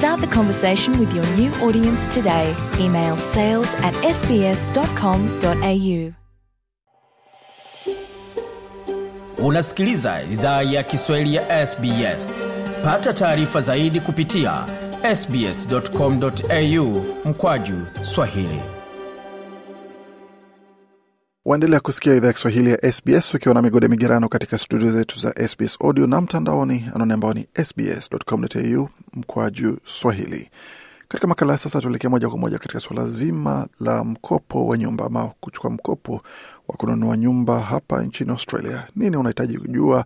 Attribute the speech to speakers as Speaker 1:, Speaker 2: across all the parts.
Speaker 1: Start the conversation with your new audience today. Email sales at sbs.com.au. Unasikiliza idhaa ya Kiswahili ya SBS. Pata taarifa zaidi kupitia sbs.com.au mkwaju Swahili. Waendelea kusikia idhaa ya Kiswahili ya SBS ukiwa na migode migerano katika studio zetu za SBS audio na mtandaoni anaone ambao ni sbs.com.au mkwaju swahili. Katika makala sasa, tuelekee moja kwa moja katika suala zima la mkopo wa nyumba ama kuchukua mkopo wa kununua nyumba hapa nchini Australia. Nini unahitaji kujua?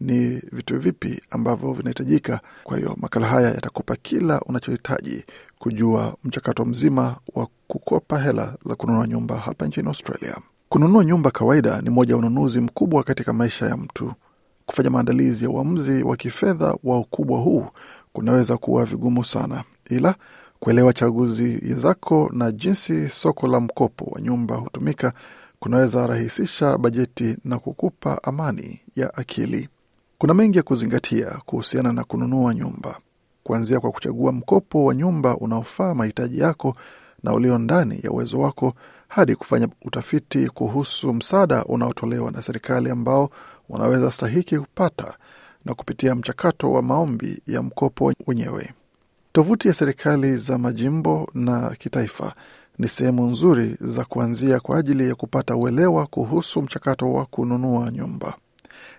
Speaker 1: Ni vitu vipi ambavyo vinahitajika? Kwa hiyo makala haya yatakupa kila unachohitaji kujua mchakato mzima wa kukopa hela za kununua nyumba hapa nchini Australia. Kununua nyumba kawaida ni moja ya ununuzi mkubwa katika maisha ya mtu. Kufanya maandalizi ya uamuzi wa kifedha wa ukubwa huu kunaweza kuwa vigumu sana, ila kuelewa chaguzi zako na jinsi soko la mkopo wa nyumba hutumika kunaweza rahisisha bajeti na kukupa amani ya akili. Kuna mengi ya kuzingatia kuhusiana na kununua nyumba, kuanzia kwa kuchagua mkopo wa nyumba unaofaa mahitaji yako na ulio ndani ya uwezo wako hadi kufanya utafiti kuhusu msaada unaotolewa na serikali ambao wanaweza stahiki kupata na kupitia mchakato wa maombi ya mkopo wenyewe. Tovuti ya serikali za majimbo na kitaifa ni sehemu nzuri za kuanzia kwa ajili ya kupata uelewa kuhusu mchakato wa kununua nyumba.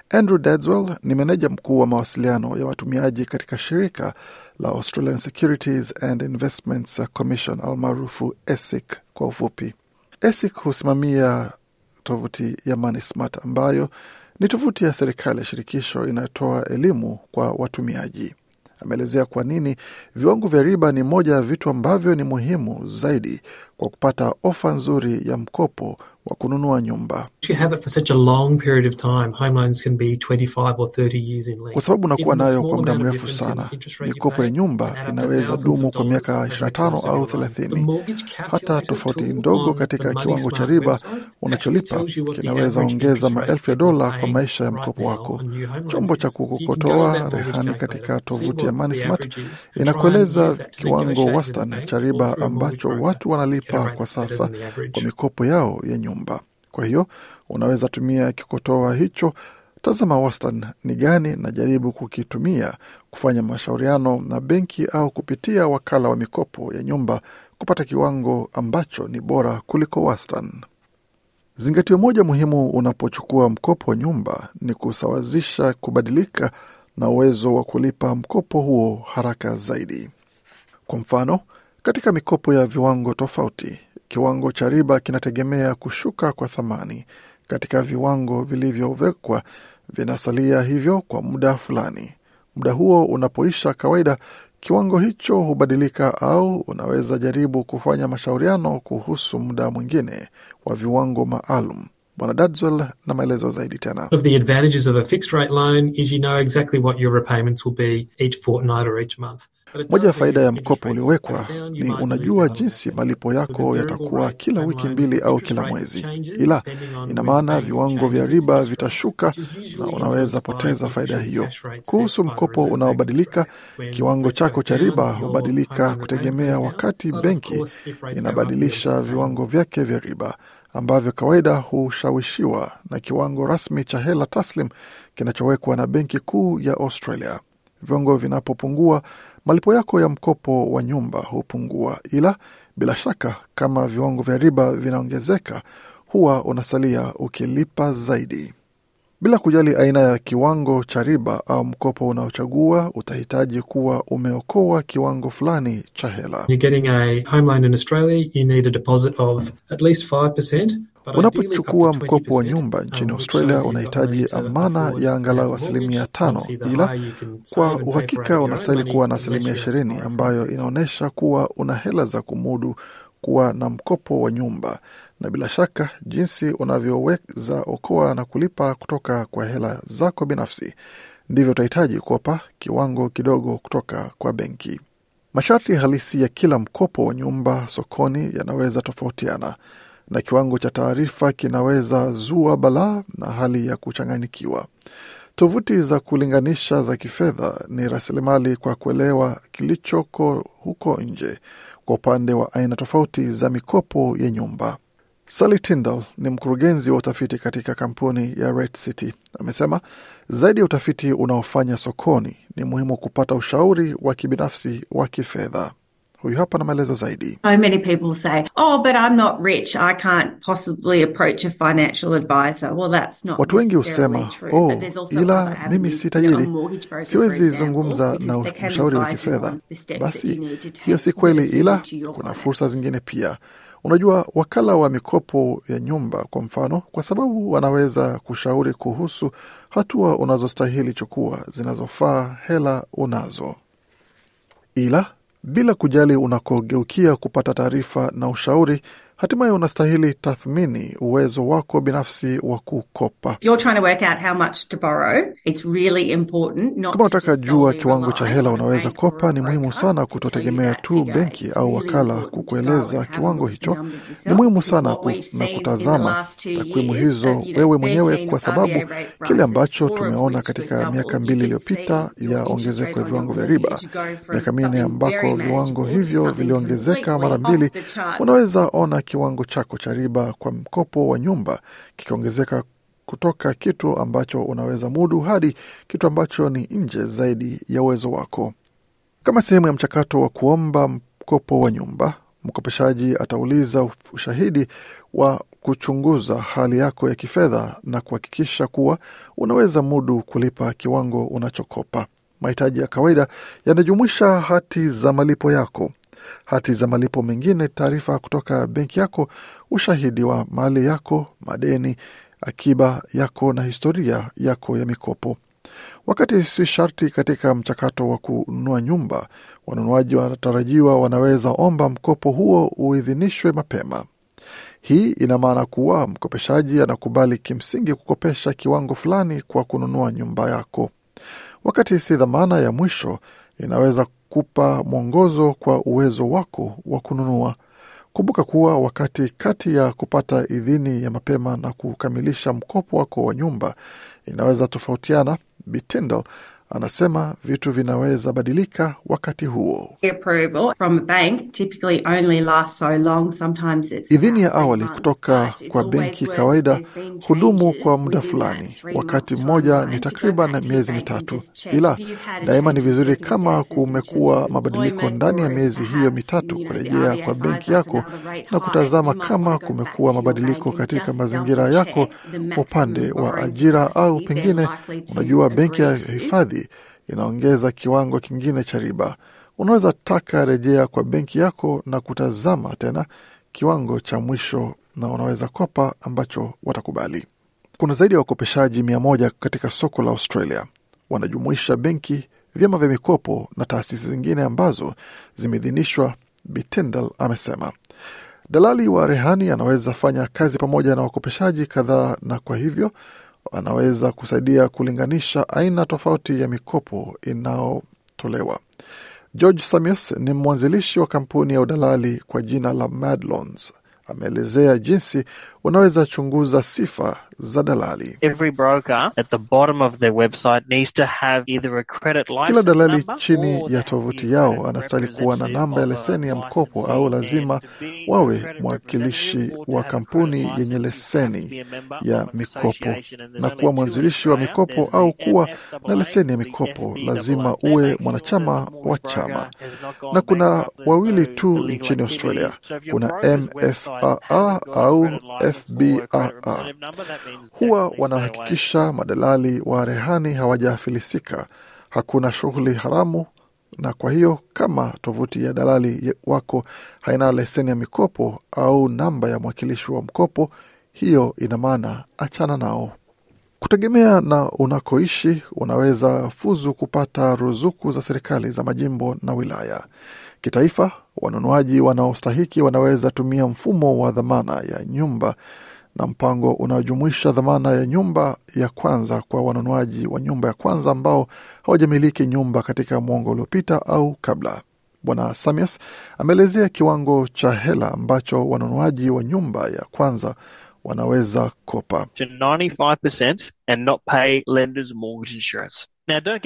Speaker 1: Andrew Dadswell ni meneja mkuu wa mawasiliano ya watumiaji katika shirika la Australian Securities and Investments Commission almaarufu ASIC e kwa ufupi. ESIC husimamia tovuti ya Money Smart ambayo ni tovuti ya serikali ya shirikisho inayotoa elimu kwa watumiaji. Ameelezea kwa nini viwango vya riba ni moja ya vitu ambavyo ni muhimu zaidi kwa kupata ofa nzuri ya mkopo wa kununua nyumba. Kwa sababu unakuwa nayo kwa muda mrefu sana, mikopo ya nyumba inaweza dumu kwa miaka 25 au 30. Hata tofauti ndogo katika kiwango cha riba unacholipa kinaweza ongeza maelfu ya dola kwa maisha ya mkopo wako. Chombo cha kukokotoa rehani katika tovuti ya MoneySmart inakueleza kiwango wastani cha riba ambacho watu wanalipa kwa sasa kwa mikopo yao ya nyumba nyumba. Kwa hiyo unaweza tumia kikotoa hicho, tazama wastani ni gani na jaribu kukitumia kufanya mashauriano na benki au kupitia wakala wa mikopo ya nyumba kupata kiwango ambacho ni bora kuliko wastani. Zingatio moja muhimu unapochukua mkopo wa nyumba ni kusawazisha kubadilika na uwezo wa kulipa mkopo huo haraka zaidi. Kwa mfano, katika mikopo ya viwango tofauti, Kiwango cha riba kinategemea kushuka kwa thamani katika viwango vilivyowekwa, vinasalia hivyo kwa muda fulani. Muda huo unapoisha, kawaida kiwango hicho hubadilika, au unaweza jaribu kufanya mashauriano kuhusu muda mwingine wa viwango maalum. Bwana Dadzwell na maelezo zaidi tena. Of the advantages of a fixed rate loan is you know exactly what your repayments will be each fortnight or each month. Moja ya faida ya mkopo uliowekwa ni unajua jinsi malipo yako yatakuwa kila wiki mbili au kila mwezi, ila ina maana viwango vya riba vitashuka na unaweza poteza faida hiyo. Kuhusu mkopo unaobadilika, kiwango chako cha riba hubadilika kutegemea wakati benki inabadilisha viwango vyake vya riba ambavyo kawaida hushawishiwa na kiwango rasmi cha hela taslim kinachowekwa na Benki Kuu ya Australia. Viwango vinapopungua, malipo yako ya mkopo wa nyumba hupungua, ila bila shaka, kama viwango vya riba vinaongezeka, huwa unasalia ukilipa zaidi. Bila kujali aina ya kiwango cha riba au mkopo unaochagua, utahitaji kuwa umeokoa kiwango fulani cha hela. Unapochukua mkopo wa nyumba um, nchini Australia unahitaji amana ya angalau asilimia tano, ila kwa uhakika unastahili kuwa na asilimia ishirini ambayo inaonyesha kuwa una hela za kumudu kuwa na mkopo wa nyumba, na bila shaka jinsi unavyoweza okoa na kulipa kutoka kwa hela zako binafsi, ndivyo utahitaji kuopa kiwango kidogo kutoka kwa benki. Masharti halisi ya kila mkopo wa nyumba sokoni yanaweza tofautiana na kiwango cha taarifa kinaweza zua balaa na hali ya kuchanganyikiwa. Tovuti za kulinganisha za kifedha ni rasilimali kwa kuelewa kilichoko huko nje kwa upande wa aina tofauti za mikopo ya nyumba. Sally Tindall ni mkurugenzi wa utafiti katika kampuni ya Red City. Amesema zaidi ya utafiti unaofanya sokoni, ni muhimu kupata ushauri wa kibinafsi wa kifedha. Huyu hapa na maelezo zaidi. So many people say, oh, but I'm not rich. I can't possibly approach a financial advisor. Well, that's not Watu wengi husema, oh, ila mimi si tajiri. Siwezi zungumza na mshauri wa kifedha. Basi hiyo si kweli, ila kuna fursa zingine pia. Unajua, wakala wa mikopo ya nyumba kwa mfano, kwa sababu wanaweza kushauri kuhusu hatua unazostahili chukua zinazofaa hela unazo. Ila bila kujali unakogeukia kupata taarifa na ushauri Hatimaye unastahili tathmini uwezo wako binafsi wa kukopa. Kama unataka jua kiwango cha hela unaweza kopa, ni muhimu sana kutotegemea tu benki au wakala kukueleza kiwango hicho. Ni muhimu sana ku, na kutazama takwimu hizo wewe mwenyewe, kwa sababu kile ambacho tumeona katika miaka mbili iliyopita ya ongezeko ya viwango vya riba, miaka minne ambako viwango hivyo viliongezeka mara mbili, unaweza ona kiwango chako cha riba kwa mkopo wa nyumba kikiongezeka kutoka kitu ambacho unaweza mudu hadi kitu ambacho ni nje zaidi ya uwezo wako. Kama sehemu ya mchakato wa kuomba mkopo wa nyumba, mkopeshaji atauliza ushahidi wa kuchunguza hali yako ya kifedha na kuhakikisha kuwa unaweza mudu kulipa kiwango unachokopa. Mahitaji ya kawaida yanajumuisha hati za malipo yako, hati za malipo mengine, taarifa kutoka benki yako, ushahidi wa mali yako, madeni, akiba yako na historia yako ya mikopo. Wakati si sharti katika mchakato wa kununua nyumba, wanunuaji wanatarajiwa wanaweza omba mkopo huo uidhinishwe mapema. Hii ina maana kuwa mkopeshaji anakubali kimsingi kukopesha kiwango fulani kwa kununua nyumba yako. Wakati si dhamana ya mwisho, inaweza kukupa mwongozo kwa uwezo wako wa kununua. Kumbuka kuwa wakati kati ya kupata idhini ya mapema na kukamilisha mkopo wako wa nyumba inaweza tofautiana. Bitendo Anasema vitu vinaweza badilika wakati huo. Idhini ya awali kutoka kwa benki kawaida hudumu kwa muda fulani, wakati mmoja ni takriban miezi mitatu, ila daima ni vizuri kama kumekuwa mabadiliko ndani ya miezi hiyo mitatu, kurejea kwa benki yako na kutazama kama kumekuwa mabadiliko katika mazingira yako, upande wa ajira, au pengine unajua benki ya hifadhi zaidi inaongeza kiwango kingine cha riba. Unaweza taka rejea kwa benki yako na kutazama tena kiwango cha mwisho, na unaweza kopa ambacho watakubali. Kuna zaidi ya wakopeshaji mia moja katika soko la Australia, wanajumuisha benki, vyama vya mikopo na taasisi zingine ambazo zimeidhinishwa. Bitendal amesema dalali wa rehani anaweza fanya kazi pamoja na wakopeshaji kadhaa, na kwa hivyo wanaweza kusaidia kulinganisha aina tofauti ya mikopo inayotolewa. George Samios ni mwanzilishi wa kampuni ya udalali kwa jina la Madlons, Ameelezea jinsi wanaweza chunguza sifa za dalali. Kila dalali chini ya tovuti yao anastahili kuwa na namba ya leseni ya mkopo au lazima wawe mwakilishi wa kampuni yenye leseni ya mikopo na kuwa mwanzilishi wa mikopo au kuwa na leseni ya mikopo. Lazima uwe mwanachama wa chama, na kuna wawili tu nchini Australia, kuna MFAA au FBRA huwa wanahakikisha madalali wa rehani hawajafilisika. Hakuna shughuli haramu, na kwa hiyo kama tovuti ya dalali wako haina leseni ya mikopo au namba ya mwakilishi wa mkopo, hiyo ina maana achana nao. Kutegemea na unakoishi, unaweza fuzu kupata ruzuku za serikali za majimbo na wilaya kitaifa, wanunuaji wanaostahiki wanaweza tumia mfumo wa dhamana ya nyumba na mpango unaojumuisha dhamana ya nyumba ya kwanza kwa wanunuaji wa nyumba ya kwanza ambao hawajamiliki nyumba katika mwongo uliopita au kabla. Bwana samius ameelezea kiwango cha hela ambacho wanunuaji wa nyumba ya kwanza wanaweza kopa to 95% and not pay lender's mortgage insurance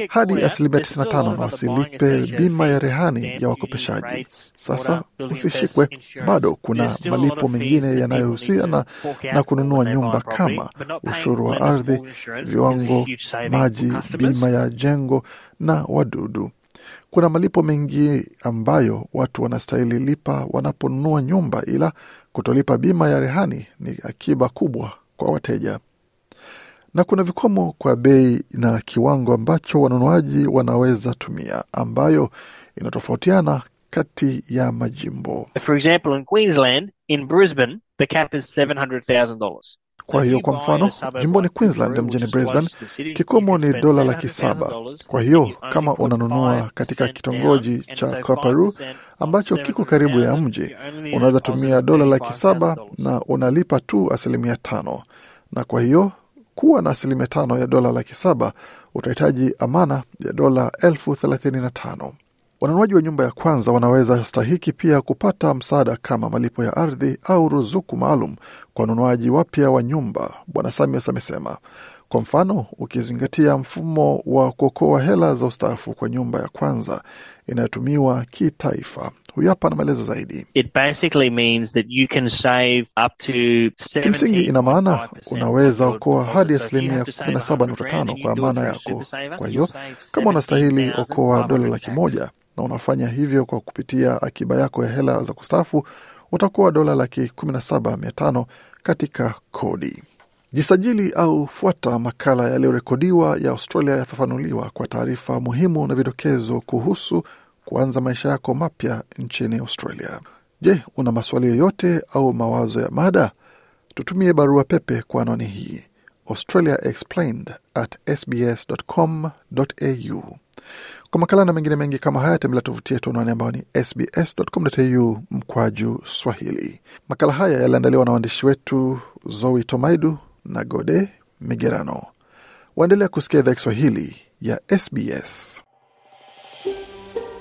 Speaker 1: hadi asilimia 95 na wasilipe bima ya rehani ya wakopeshaji. Sasa usishikwe, bado kuna malipo mengine yanayohusiana na kununua nyumba kama ushuru wa ardhi, viwango, maji, bima ya jengo na wadudu. Kuna malipo mengi ambayo watu wanastahili lipa wanaponunua nyumba, ila kutolipa bima ya rehani ni akiba kubwa kwa wateja na kuna vikomo kwa bei na kiwango ambacho wanunuaji wanaweza tumia ambayo inatofautiana kati ya majimbo. For example, in Queensland, in Brisbane, the cap is $700,000. Kwa hiyo kwa mfano ni Queensland mjini Brisbane kikomo ni dola laki saba. Kwa hiyo kama unanunua katika kitongoji cha Kaparu ambacho kiko karibu ya mji, unaweza tumia dola laki saba na unalipa tu asilimia tano, na kwa hiyo kuwa na asilimia tano ya dola laki saba utahitaji amana ya dola elfu thelathini na tano. Wanunuaji wa nyumba ya kwanza wanaweza stahiki pia kupata msaada kama malipo ya ardhi au ruzuku maalum kwa wanunuaji wapya wa nyumba, Bwana Samius amesema. Kwa mfano, ukizingatia mfumo wa kuokoa hela za ustaafu kwa nyumba ya kwanza inayotumiwa kitaifa. Huyu hapa na maelezo zaidi. It basically means that you can save up to 70. Kimsingi ina maana unaweza okoa hadi asilimia 17.5 kwa maana yako. Kwa hiyo kama unastahili okoa dola laki moja na unafanya hivyo kwa kupitia akiba yako ya hela za kustafu, utakuwa dola laki 17,500 katika kodi. Jisajili au fuata makala yaliyorekodiwa ya Australia yafafanuliwa kwa taarifa muhimu na vidokezo kuhusu kuanza maisha yako mapya nchini Australia. Je, una maswali yoyote au mawazo ya mada? Tutumie barua pepe kwa anwani hii Australia Explained at sbs.com.au. Kwa makala na mengine mengi kama haya, tembelea tovuti yetu anwani ambayo ni sbs.com.au mkwaju Swahili. Makala haya yaliandaliwa na waandishi wetu Zoe Tomaidu na Gode Migerano. Waendelea kusikia idhaa Kiswahili ya SBS.